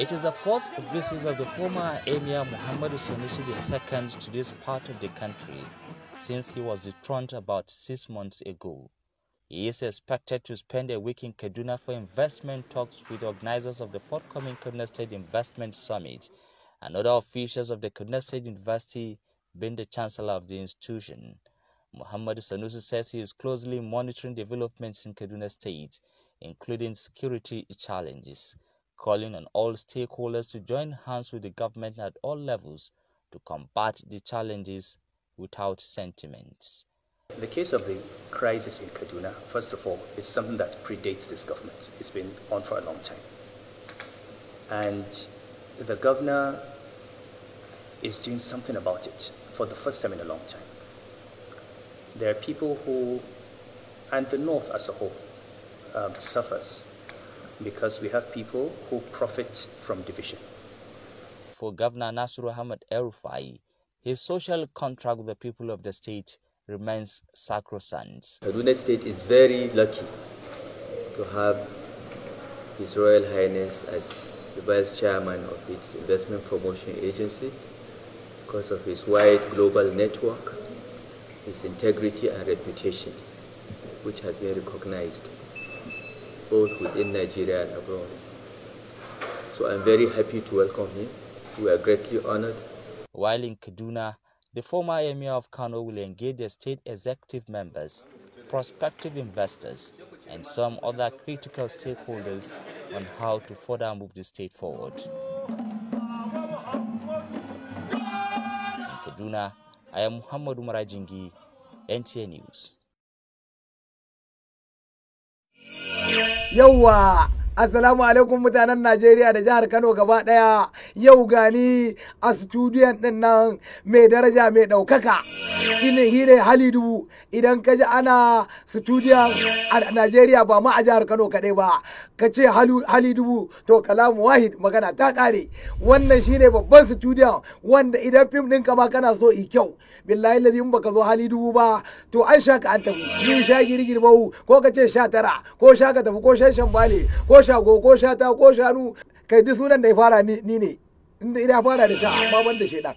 It is the first visit of the former Emir Muhammad Sanusi II to this part of the country since he was dethroned about six months ago. He is expected to spend a week in Kaduna for investment talks with organizers of the forthcoming Kaduna State Investment Summit and other officials of the Kaduna State University, being the chancellor of the institution. Muhammad Sanusi says he is closely monitoring developments in Kaduna State, including security challenges calling on all stakeholders to join hands with the government at all levels to combat the challenges without sentiments. The case of the crisis in Kaduna, first of all, is something that predates this government. It's been on for a long time. And the governor is doing something about it for the first time in a long time. There are people who, and the North as a whole, um, suffers because we have people who profit from division. For Governor Nasru Ahmed El-Rufai, his social contract with the people of the state remains sacrosanct. Kaduna State is very lucky to have His Royal Highness as the Vice Chairman of its Investment Promotion Agency because of his wide global network, his integrity and reputation, which has been recognized both within Nigeria and abroad. So I'm very happy to welcome him. We are greatly honored. While in Kaduna, the former Emir of Kano will engage the state executive members, prospective investors, and some other critical stakeholders on how to further move the state forward. In Kaduna, I am Muhammad Umarajingi, NTA News. yauwa Assalamu alaikum mutanen Najeriya da jihar Kano gaba ɗaya yau gani a studiyon ɗin nan mai daraja mai ɗaukaka. shine hire hali dubu idan ka ji ana studio a Najeriya ba ma a jihar Kano kaɗai ba ka ce hali dubu to kalamu wahid magana ta ƙare wannan shine babban studio wanda idan fim ɗin ka ma kana so i kyau billahi lazi in baka zo hali dubu ba to an sha ka an tafi yin sha girgir bau ko ka ce sha tara ko sha ka tafi ko shan shambale ko shago ko sha ta ko shanu kai duk sunan da ya fara ni ne inda ina fara da sha amma ban da shaidan